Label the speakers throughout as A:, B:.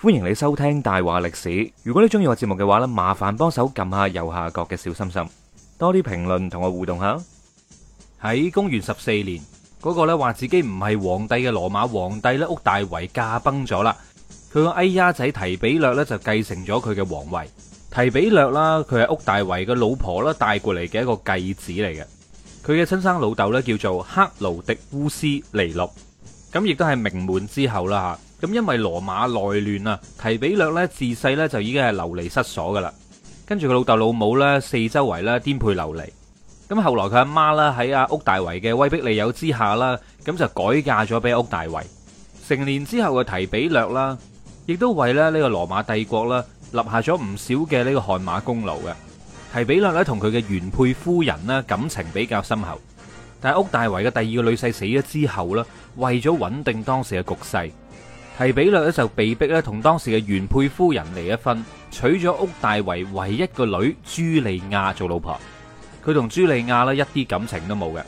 A: 歡迎你收聽大話歷史。如果你中意我節目嘅話咧，麻煩幫手撳下右下角嘅小心心，多啲評論同我互動下。喺公元十四年，嗰、那個咧話自己唔係皇帝嘅羅馬皇帝咧屋大維駕崩咗啦。佢個哎呀仔提比略咧就繼承咗佢嘅皇位。提比略啦，佢係屋大維嘅老婆啦帶過嚟嘅一個繼子嚟嘅。佢嘅親生老豆咧叫做克勞迪烏斯尼祿。咁亦都係名門之後啦吓，咁因為羅馬內亂啊，提比略呢自細呢就已經係流離失所噶啦，跟住佢老豆老母呢，四周圍呢，顛沛流離，咁後來佢阿媽呢喺阿屋大維嘅威逼利誘之下啦，咁就改嫁咗俾屋大維。成年之後嘅提比略啦，亦都為咧呢個羅馬帝國啦立下咗唔少嘅呢個汗馬功勞嘅。提比略呢，同佢嘅原配夫人呢感情比較深厚。但係屋大維嘅第二個女婿死咗之後呢，為咗穩定當時嘅局勢，提比略咧就被迫咧同當時嘅原配夫人離一婚，娶咗屋大維唯一個女朱莉亞做老婆。佢同朱莉亞咧一啲感情都冇嘅，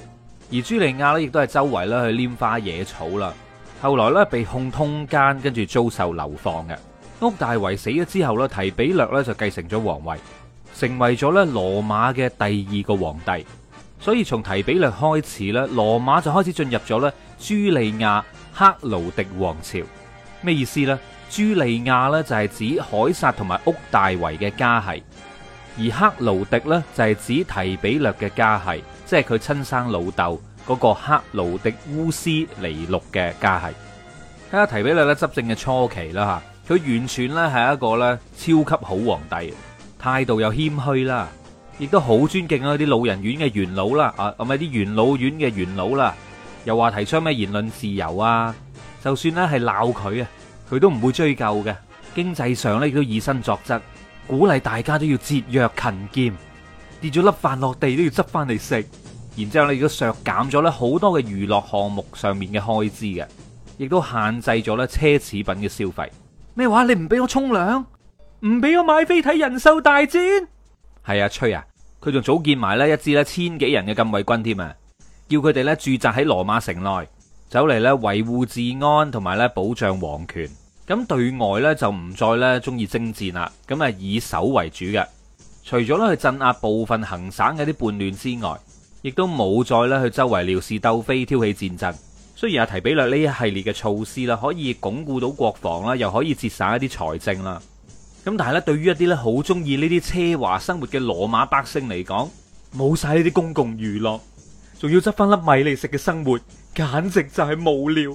A: 而朱莉亞咧亦都係周圍咧去拈花惹草啦。後來咧被控通姦，跟住遭受流放嘅。屋大維死咗之後咧，提比略就繼承咗皇位，成為咗咧羅馬嘅第二個皇帝。所以從提比略開始咧，羅馬就開始進入咗咧朱利亞克勞狄王朝，咩意思呢？朱利亞咧就係指凱撒同埋屋大維嘅家系，而克勞狄咧就係指提比略嘅家系，即係佢親生老豆嗰個克勞狄烏斯尼祿嘅家系。睇下提比略咧執政嘅初期啦吓，佢完全咧係一個咧超級好皇帝，態度又謙虛啦。亦都好尊敬啊！啲老人院嘅元老啦，啊，咁啲元老院嘅元老啦，又話提倡咩言論自由啊！就算咧係鬧佢啊，佢都唔會追究嘅。經濟上咧亦都以身作則，鼓勵大家都要節約勤儉，跌咗粒飯落地都要執翻嚟食。然之後咧亦都削減咗咧好多嘅娛樂項目上面嘅開支嘅，亦都限制咗咧奢侈品嘅消費。咩話？你唔俾我沖涼，唔俾我買飛睇《人獸大戰》？係啊，吹啊！佢仲早建埋一支千幾人嘅禁衛軍添啊，要佢哋住駐紮喺羅馬城內，走嚟咧維護治安同埋保障皇權。咁對外呢，就唔再鍾中意征戰啦，咁啊以守為主嘅。除咗去鎮壓部分行省嘅啲叛亂之外，亦都冇再去周圍撩事鬥非挑起戰爭。雖然阿提比略呢一系列嘅措施啦，可以鞏固到國防啦，又可以節省一啲財政啦。咁但係咧，對於一啲咧好中意呢啲奢華生活嘅羅馬百姓嚟講，冇晒呢啲公共娛樂，仲要執翻粒米嚟食嘅生活，簡直就係無聊、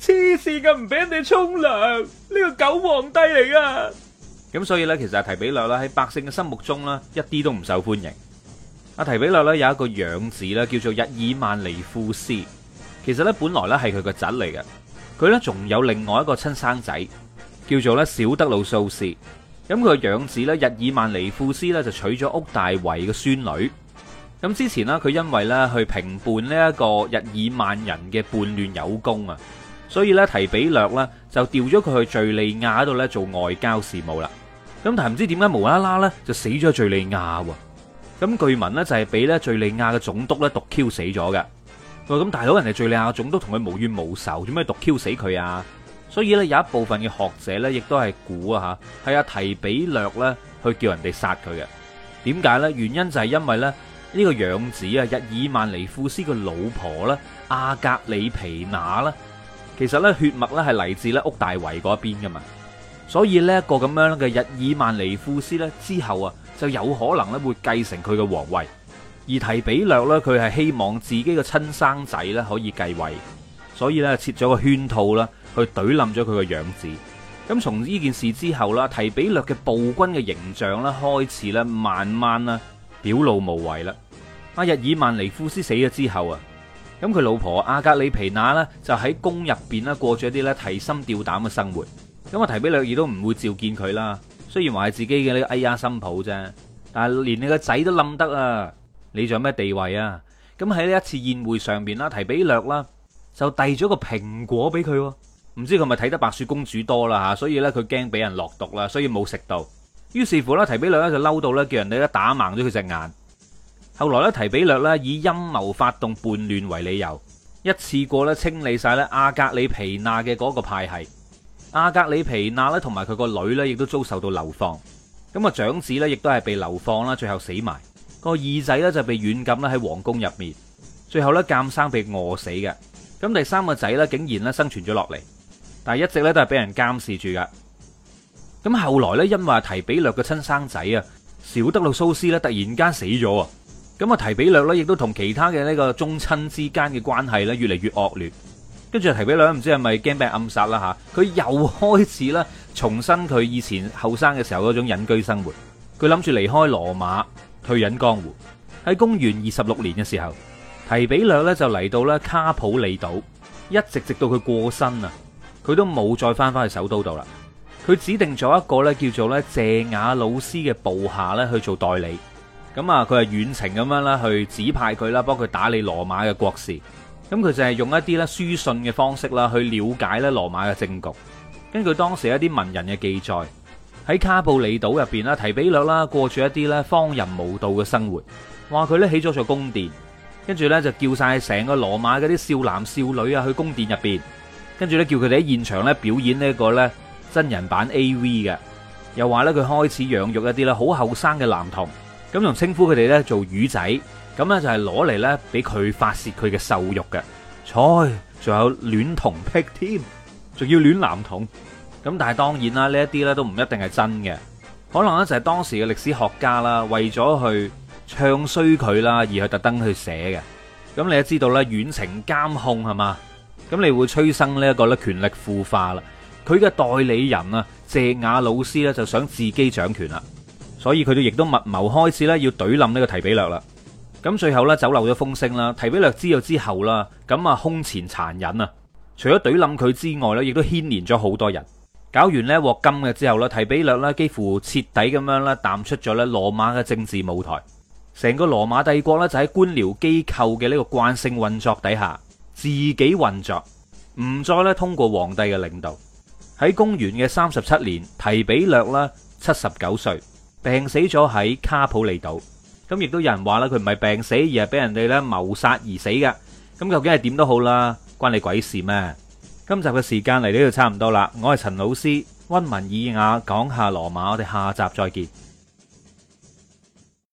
A: 黐線嘅，唔俾人哋沖涼，呢個狗皇帝嚟噶。咁所以呢，其實提比略咧喺百姓嘅心目中呢，一啲都唔受歡迎。阿提比略咧有一個養子咧，叫做日爾曼尼庫斯，其實呢，本來呢係佢個侄嚟嘅，佢呢仲有另外一個親生仔，叫做小德魯蘇斯。咁佢個養子咧，日耳曼尼庫斯咧就娶咗屋大維嘅孫女。咁之前咧，佢因為咧去平叛呢一個日耳曼人嘅叛亂有功啊，所以咧提比略咧就調咗佢去敘利亞度咧做外交事務啦。咁但係唔知點解無啦啦咧就死咗喺敘利亞喎。咁據聞咧就係俾咧敘利亞嘅總督咧毒 Q 死咗嘅。咁大佬，人哋敘利亞總督同佢無怨無仇，做咩毒 Q 死佢啊？所以咧，有一部分嘅學者咧，亦都係估啊，嚇係阿提比略咧去叫人哋殺佢嘅。點解呢？原因就係因為咧呢個養子啊，日耳曼尼庫斯嘅老婆啦，阿格里皮娜啦，其實咧血脈咧係嚟自咧屋大維嗰邊噶嘛。所以呢一個咁樣嘅日耳曼尼庫斯咧，之後啊就有可能咧會繼承佢嘅皇位，而提比略咧佢係希望自己嘅親生仔咧可以繼位，所以咧設咗個圈套啦。去懟冧咗佢個樣子。咁從呢件事之後啦，提比略嘅暴君嘅形象咧開始咧，慢慢咧表露無遺啦。阿日爾曼尼夫斯死咗之後啊，咁佢老婆阿格里皮娜呢就喺宮入邊啦，過咗啲咧提心吊膽嘅生活。咁提比略亦都唔會召見佢啦。雖然話係自己嘅呢個哎呀新抱啫，但係連你個仔都冧得啊，你仲有咩地位啊？咁喺呢一次宴會上邊啦，提比略啦就遞咗個蘋果俾佢。唔知佢咪睇得白雪公主多啦吓，所以咧佢驚俾人落毒啦，所以冇食到。於是乎咧，提比略咧就嬲到咧，叫人哋咧打盲咗佢隻眼。後來咧，提比略咧以陰謀發動叛亂為理由，一次過咧清理晒咧阿格里皮娜嘅嗰個派系。阿格里皮娜咧同埋佢個女咧，亦都遭受到流放。咁啊，長子咧亦都係被流放啦，最後死埋。個二仔咧就被軟禁啦喺皇宮入面，最後咧監生被餓死嘅。咁第三個仔咧竟然咧生存咗落嚟。但係一直咧都係俾人監視住噶咁後來呢，因為提比略嘅親生仔啊，小德魯蘇斯咧突然間死咗，咁啊提比略咧亦都同其他嘅呢個宗親之間嘅關係咧越嚟越惡劣。跟住提比略唔知係咪驚俾人暗殺啦吓，佢又開始咧重新佢以前後生嘅時候嗰種隱居生活。佢諗住離開羅馬退隱江湖。喺公元二十六年嘅時候，提比略咧就嚟到咧卡普里島，一直直到佢過身啊。佢都冇再翻返去首都度啦，佢指定咗一個呢叫做呢謝雅魯斯嘅部下呢去做代理，咁啊佢係遠程咁樣啦去指派佢啦，幫佢打理羅馬嘅國事。咁佢就係用一啲咧書信嘅方式啦，去了解咧羅馬嘅政局。根據當時一啲文人嘅記載，喺卡布里島入邊啦，提比略啦過住一啲咧荒淫無道嘅生活，話佢呢起咗座宮殿，跟住呢就叫晒成個羅馬嗰啲少男少女啊去宮殿入邊。跟住咧，叫佢哋喺現場咧表演呢一個咧真人版 A.V. 嘅，又話咧佢開始養育一啲咧好後生嘅男童，咁仲稱呼佢哋咧做魚仔，咁咧就係攞嚟咧俾佢發泄佢嘅獸欲嘅，再仲有戀童癖添，仲要戀男童，咁但係當然啦，呢一啲咧都唔一定係真嘅，可能咧就係當時嘅歷史學家啦，為咗去唱衰佢啦而去特登去寫嘅，咁你都知道咧遠程監控係嘛？咁你會催生呢一個咧權力腐化啦，佢嘅代理人啊謝亞老師咧就想自己掌權啦，所以佢哋亦都密謀開始咧要懟冧呢個提比略啦。咁最後咧走漏咗風聲啦，提比略知道之後啦，咁啊空前殘忍啊，除咗懟冧佢之外咧，亦都牽連咗好多人。搞完呢鑊金嘅之後啦，提比略咧幾乎徹底咁樣啦淡出咗咧羅馬嘅政治舞台。成個羅馬帝國咧就喺官僚機構嘅呢個慣性運作底下，自己運作，唔再咧通過皇帝嘅領導。喺公元嘅三十七年，提比略啦七十九歲病死咗喺卡普里島。咁亦都有人話啦，佢唔係病死，而係俾人哋咧謀殺而死㗎。咁究竟係點都好啦，關你鬼事咩？今集嘅時間嚟到呢度差唔多啦。我係陳老師，溫文爾雅講下羅馬，我哋下集再見。